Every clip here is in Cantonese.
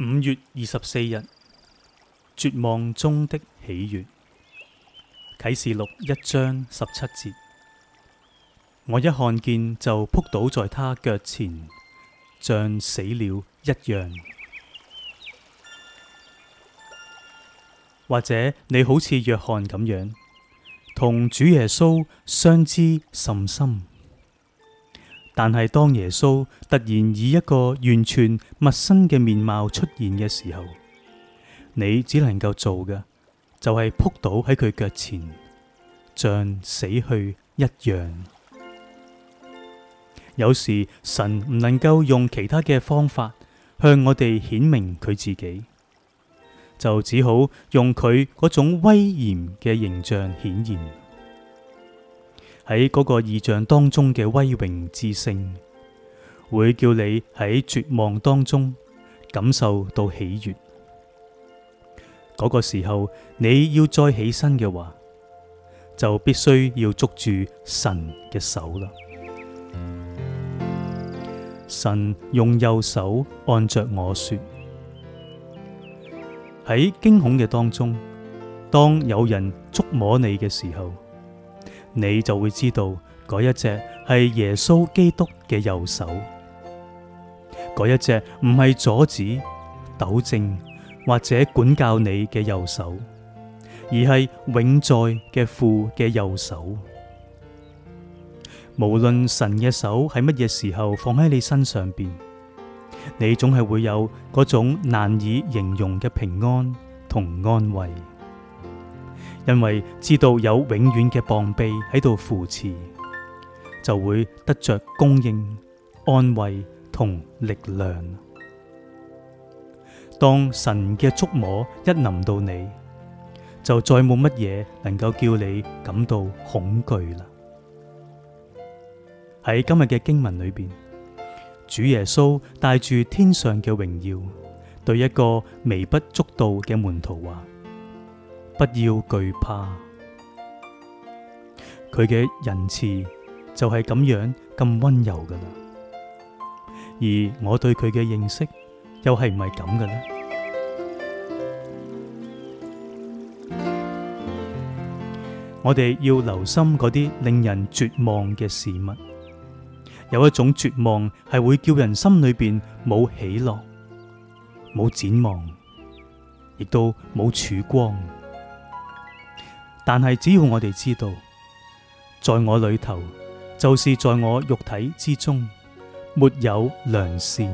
五月二十四日，絕望中的喜悦。啟示錄一章十七節，我一看見就撲倒在他腳前，像死了一樣。或者你好似約翰咁樣，同主耶穌相知甚深。但係當耶穌突然以一個完全陌生嘅面貌出現嘅時候，你只能夠做嘅就係撲倒喺佢腳前，像死去一樣。有時神唔能夠用其他嘅方法向我哋顯明佢自己，就只好用佢嗰種威嚴嘅形象顯現。喺嗰個異象當中嘅威榮之聲，會叫你喺絕望當中感受到喜悅。嗰、那個時候，你要再起身嘅話，就必須要捉住神嘅手啦。神用右手按着我說：喺驚恐嘅當中，當有人觸摸你嘅時候。你就會知道，嗰一隻係耶穌基督嘅右手，嗰一隻唔係阻止、糾正或者管教你嘅右手，而係永在嘅父嘅右手。無論神嘅手喺乜嘢時候放喺你身上邊，你總係會有嗰種難以形容嘅平安同安慰。因為知道有永遠嘅膀臂喺度扶持，就會得着供應、安慰同力量。當神嘅觸摸一臨到你，就再冇乜嘢能夠叫你感到恐懼啦。喺今日嘅經文裏邊，主耶穌帶住天上嘅榮耀，對一個微不足道嘅門徒話。不要懼怕，佢嘅仁慈就係咁樣咁溫柔㗎喇。而我對佢嘅認識又係唔係咁嘅呢？ 我哋要留心嗰啲令人絕望嘅事物。有一種絕望係會叫人心裏邊冇喜樂，冇展望，亦都冇曙光。但係只要我哋知道，在我裏頭，就是在我肉體之中，沒有良善，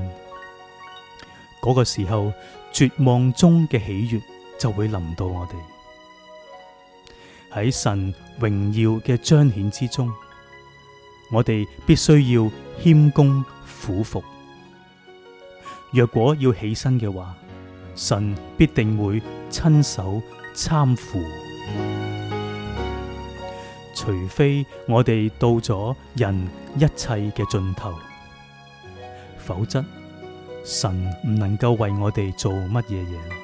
嗰、那個時候絕望中嘅喜悅就會臨到我哋。喺神榮耀嘅彰顯之中，我哋必須要謙恭俯伏。若果要起身嘅話，神必定會親手攙扶。除非我哋到咗人一切嘅盡頭，否則神唔能夠為我哋做乜嘢嘢。